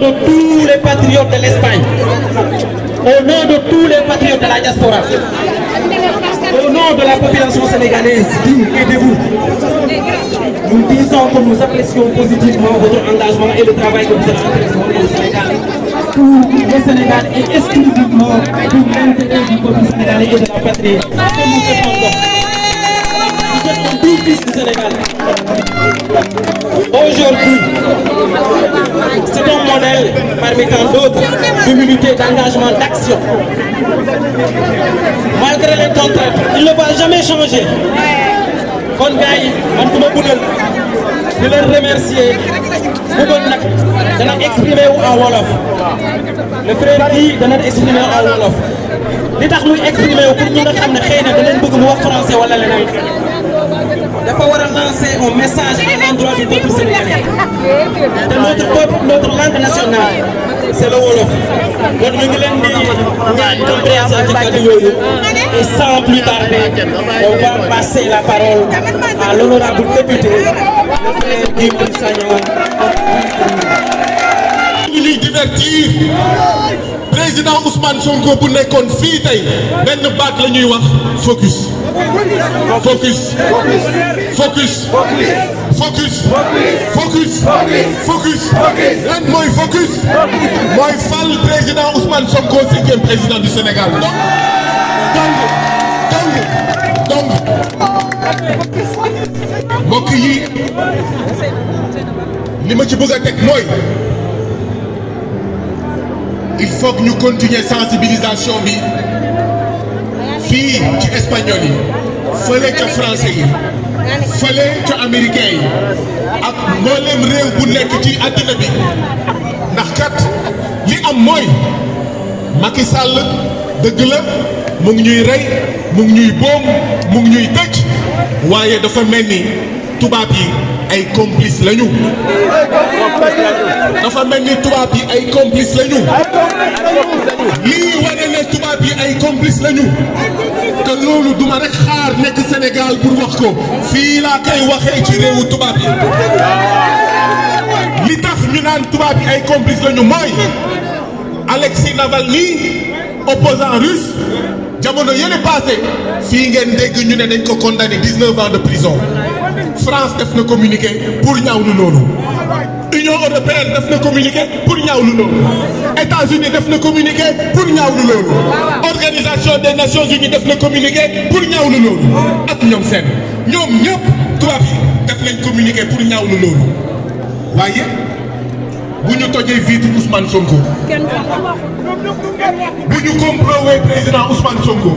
de tous les patriotes de l'Espagne, au nom de tous les patriotes de la diaspora, au nom de la population sénégalaise vous nous disons que nous apprécions positivement votre engagement et le travail que vous avez fait pour le Sénégal. Sénégal et exclusivement pour l'intérêt du peuple sénégalais et de la patrie. Que nous défendons. Nous sommes tous fils du Sénégal. Aujourd'hui, c'est un modèle parmi tant d'autres d'humilité, d'engagement, d'action. Malgré les contraintes, il ne va jamais changer. kon gars yi man ku ma bëggal di leen remercier bëggoon nag dana exprimer wu en wolof le frère bi dana exprimer wu en wolof li tax muy exprimer wu pour ñi nga xam ne xëy na da leen bëgg mu wax français wala leneen dafa war lancer un message à l'endroit du peuple sénégalais notre peuple notre langue nationale c'est le wolof kon ñu ngi leen di ñaan compréhension ci kàddu et sans plus tarder on va passer la parole à l'honorable député le président Guy Marius président Ousmane Sonko bu nekkoon fii tey benn baat la ñuy wax focus. focus mooy focus mooy fal président Ousmane Sonko cinquième président du Sénégal donc donc donc donc yi li ma ci bëgg a teg mooy. il faut que nous continuer sensibilisation bi fii ci espagnol yi fële ca français yi fële ca américain yi ak mboolem réew bu nekk ci àddina bi ndax kat li am mooy Macky Sall dëgg la mu ngi ñuy rey mu ngi ñuy boom mu ngi ñuy tëj waaye dafa tubaab bi ay complice la dafa melni ni tubaab ay complice lañu li wone wane ne tubaab ay complice lañu que lolu duma rek xaar nek Sénégal pour wax ko fi la kay waxee ci réewu tubaab bi li tax ñu naan ay complice lañu moy Alexis Alexei Navalny opposant russe jamono yële passé fi ngeen dégg ñu ne dañ ko condamné 19 ans de prison. France def na communiqué pour ñaawlu loolu Union européenne def na communiqué pour ñaaw ñaawlu loolu États-Unis def na communiqué pour ñaawlu loolu Organisation des Nations Unies def na communiqué pour ñaawlu loolu ak ñoom seen ñoom ñëpp tubaab yi def nañ communiqué pour ñaawlu loolu waaye bu ñu tojee vitre Ousmane Sonko bu ñu complowee président Ousmane Sonko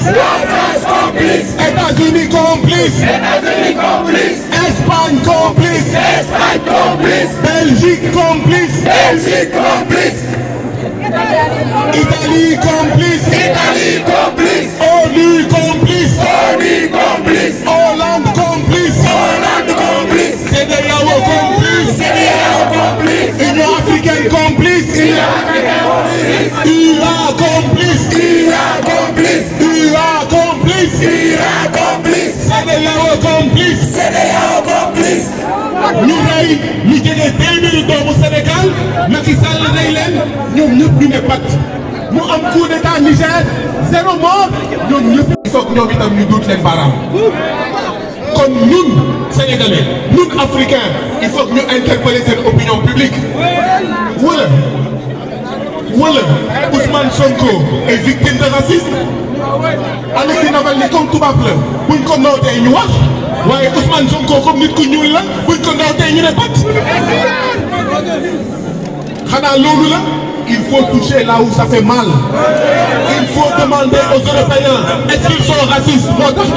complice. France complice. États-Unis complice. États-Unis complice. Espagne complice. Espagne complice. Belgique complice. Belgique complice. Italie complice. Italie complice. ONU complice. ONU complice. Hollande complice. Hollande complice. CDAO complice. CDAO complice. Union africaine complice. Union africaine complice. IRA complice. il complice la complice. la complice. CDA complice. Sénégal nous ne rey leen ñoom nous ne coup d'état Niger zéro mort que nous ñoom itam ñu doutes les parents. Comme nous, sénégalais nous, Africains, il faut que nous interpellions opinion publique wala Ousmane Sonko ay victime de racisme Alexis Navalny comme tubaab la buñ ko nootee ñu wax waaye Ousmane Sonko comme nit ku ñuul la buñ ko nootee ñu ne pat xanaa loolu la. il faut toucher là où ça fait mal. Il faut demander aux Européens, est-ce qu'ils sont racistes moo tax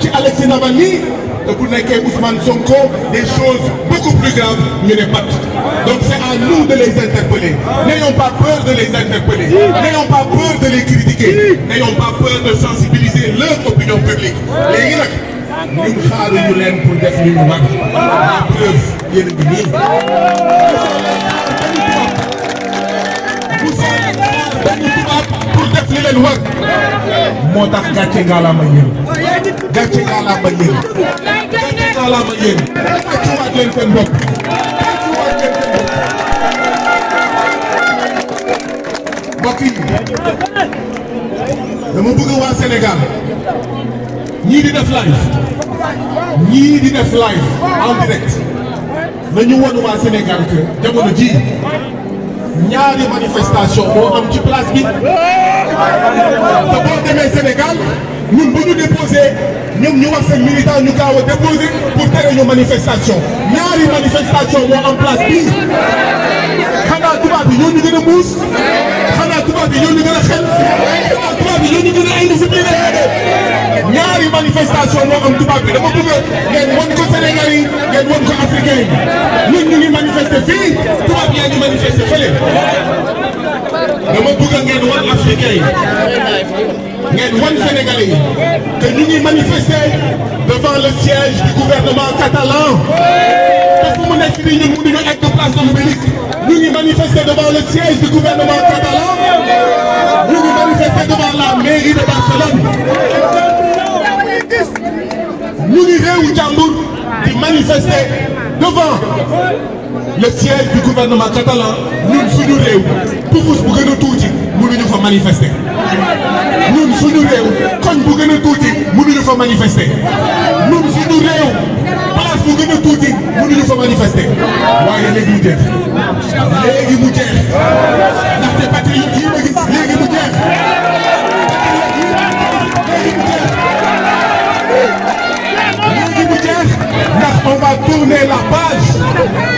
ci Alexis Navani, te bu et Ousmane Sonko des choses beaucoup plus graves mais les pat donc c'est à nous de les interpeller n'ayons pas peur de les interpeller n'ayons pas peur de les critiquer n'ayons pas peur de sensibiliser leur opinion publique nous nag ñun xaaruñu pour définir li la preuve dañu tubaab pour def li dama bëgg waa Sénégal ñii di def live ñii di def live en direct won waa Sénégal que jamono ji y a des manifestations. Bon, comme tu places vite. C'est demain Sénégal. Nous devons nous déposer. Nous, nous sommes ces militants, nous avons déposé pour faire une manifestation. Il y a des manifestations en place. xanaa tubaab yi ñoo ñu gën a muus xanaa tubaab yi ñoo ñu gën a xel xanaa tubaab yi ñoo ñu gën a indi fi diine ñaari manifestation moo am tubaab bi dama bëgg ngeen won ko Sénégal yi ngeen won ko africain yi ñun ñu ngi manifester fii tubaab yaa ngi manifester fële. Je veux ngeen wan droits africains, sénégalais que nous nous manifester devant le siège du gouvernement catalan Parce que nous nekk nii place de Nous manifester devant le siège du gouvernement catalan Nous nous manifestons devant la mairie de Barcelone Nous nous réewu manifester devant le siège du gouvernement catalan nous pour Pour nous vous que tout, nous nous manifester Nous sommes quand nous tout, nous nous manifester Nous nous nous tout, nous manifester on va tourner la page.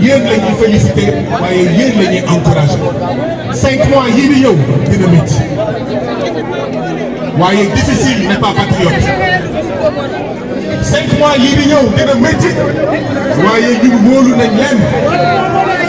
yéen la ñuy félicité waaye yéen la ñuy encouragé cinq mois yii di ñëw dina métti waaye difficile n'est pas patriote cinq mois yii di ñëw dina métti waaye ñun wóolu nañ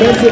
Gracias.